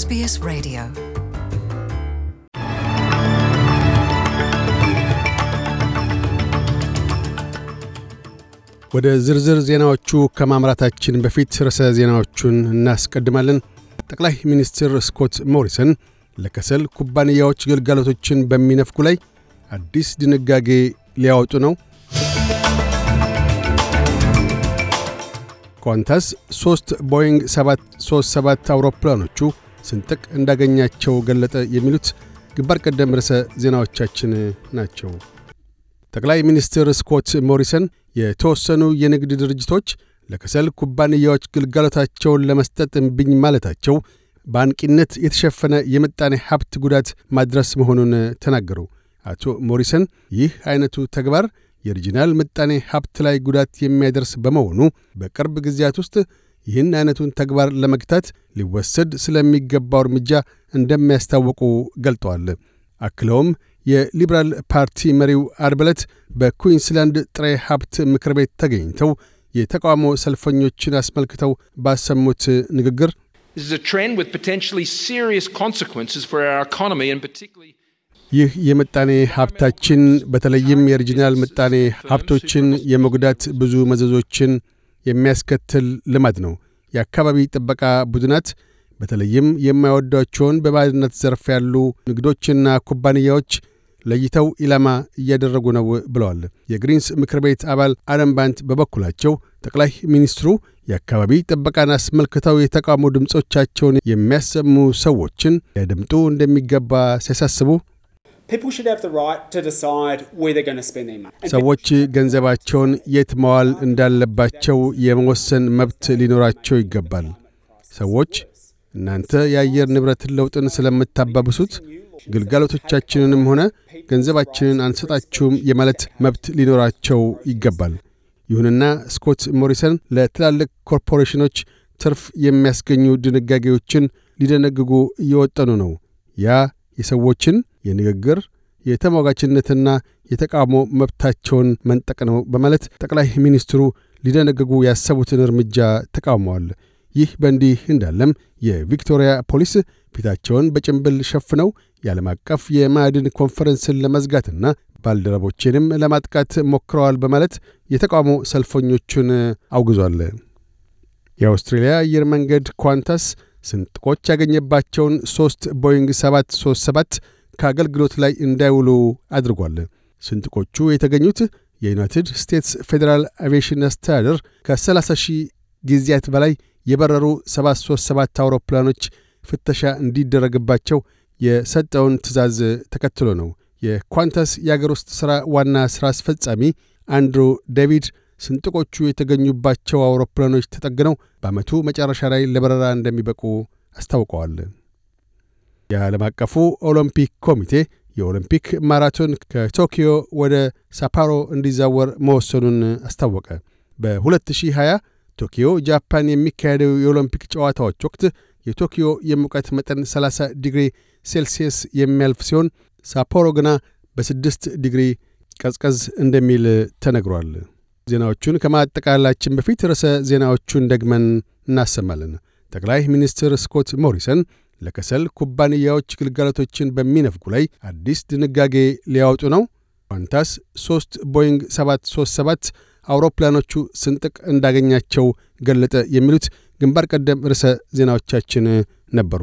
SBS Radio. ወደ ዝርዝር ዜናዎቹ ከማምራታችን በፊት ርዕሰ ዜናዎቹን እናስቀድማለን። ጠቅላይ ሚኒስትር ስኮት ሞሪሰን ለከሰል ኩባንያዎች ግልጋሎቶችን በሚነፍኩ ላይ አዲስ ድንጋጌ ሊያወጡ ነው። ኳንታስ ሦስት ቦይንግ 737 አውሮፕላኖቹ ስንጥቅ እንዳገኛቸው ገለጠ የሚሉት ግንባር ቀደም ርዕሰ ዜናዎቻችን ናቸው። ጠቅላይ ሚኒስትር ስኮት ሞሪሰን የተወሰኑ የንግድ ድርጅቶች ለከሰል ኩባንያዎች ግልጋሎታቸውን ለመስጠት እምቢኝ ማለታቸው በአንቂነት የተሸፈነ የምጣኔ ሀብት ጉዳት ማድረስ መሆኑን ተናገሩ። አቶ ሞሪሰን ይህ አይነቱ ተግባር የሪጂናል ምጣኔ ሀብት ላይ ጉዳት የሚያደርስ በመሆኑ በቅርብ ጊዜያት ውስጥ ይህን አይነቱን ተግባር ለመግታት ሊወሰድ ስለሚገባው እርምጃ እንደሚያስታውቁ ገልጠዋል። አክለውም የሊበራል ፓርቲ መሪው አርበለት በኩዊንስላንድ ጥሬ ሀብት ምክር ቤት ተገኝተው የተቃውሞ ሰልፈኞችን አስመልክተው ባሰሙት ንግግር ይህ የምጣኔ ሀብታችን በተለይም የሪጂናል ምጣኔ ሀብቶችን የመጉዳት ብዙ መዘዞችን የሚያስከትል ልማድ ነው። የአካባቢ ጥበቃ ቡድናት በተለይም የማይወዷቸውን በማዕድናት ዘርፍ ያሉ ንግዶችና ኩባንያዎች ለይተው ኢላማ እያደረጉ ነው ብለዋል። የግሪንስ ምክር ቤት አባል አደም ባንት በበኩላቸው ጠቅላይ ሚኒስትሩ የአካባቢ ጥበቃን አስመልክተው የተቃውሞ ድምፆቻቸውን የሚያሰሙ ሰዎችን ሊያደምጡ እንደሚገባ ሲያሳስቡ ሰዎች ገንዘባቸውን የት መዋል እንዳለባቸው የመወሰን መብት ሊኖራቸው ይገባል። ሰዎች እናንተ የአየር ንብረት ለውጥን ስለምታባብሱት ግልጋሎቶቻችንንም ሆነ ገንዘባችንን አንሰጣችሁም የማለት መብት ሊኖራቸው ይገባል። ይሁንና ስኮት ሞሪሰን ለትላልቅ ኮርፖሬሽኖች ትርፍ የሚያስገኙ ድንጋጌዎችን ሊደነግጉ እየወጠኑ ነው። ያ የሰዎችን የንግግር የተሟጋችነትና የተቃውሞ መብታቸውን መንጠቅ ነው በማለት ጠቅላይ ሚኒስትሩ ሊደነግጉ ያሰቡትን እርምጃ ተቃውመዋል። ይህ በእንዲህ እንዳለም የቪክቶሪያ ፖሊስ ፊታቸውን በጭንብል ሸፍነው የዓለም አቀፍ የማዕድን ኮንፈረንስን ለመዝጋትና ባልደረቦቼንም ለማጥቃት ሞክረዋል በማለት የተቃውሞ ሰልፈኞቹን አውግዟል። የአውስትሬልያ አየር መንገድ ኳንታስ ስንጥቆች ያገኘባቸውን ሦስት ቦይንግ 737 ከአገልግሎት ላይ እንዳይውሉ አድርጓል። ስንጥቆቹ የተገኙት የዩናይትድ ስቴትስ ፌዴራል አቪዬሽን አስተዳደር ከ30 ሺህ ጊዜያት በላይ የበረሩ 737 አውሮፕላኖች ፍተሻ እንዲደረግባቸው የሰጠውን ትዕዛዝ ተከትሎ ነው። የኳንታስ የአገር ውስጥ ሥራ ዋና ሥራ አስፈጻሚ አንድሩ ዴቪድ ስንጥቆቹ የተገኙባቸው አውሮፕላኖች ተጠግነው በዓመቱ መጨረሻ ላይ ለበረራ እንደሚበቁ አስታውቀዋል። የዓለም አቀፉ ኦሎምፒክ ኮሚቴ የኦሎምፒክ ማራቶን ከቶኪዮ ወደ ሳፓሮ እንዲዛወር መወሰኑን አስታወቀ። በ2020 ቶኪዮ ጃፓን የሚካሄደው የኦሎምፒክ ጨዋታዎች ወቅት የቶኪዮ የሙቀት መጠን 30 ዲግሪ ሴልሲየስ የሚያልፍ ሲሆን ሳፖሮ ግና በ በ6 ዲግሪ ቀዝቀዝ እንደሚል ተነግሯል። ዜናዎቹን ከማጠቃላችን በፊት ርዕሰ ዜናዎቹን ደግመን እናሰማለን። ጠቅላይ ሚኒስትር ስኮት ሞሪሰን ለከሰል ኩባንያዎች ግልጋሎቶችን በሚነፍጉ ላይ አዲስ ድንጋጌ ሊያወጡ ነው። ኳንታስ ሦስት ቦይንግ 737 አውሮፕላኖቹ ስንጥቅ እንዳገኛቸው ገለጠ። የሚሉት ግንባር ቀደም ርዕሰ ዜናዎቻችን ነበሩ።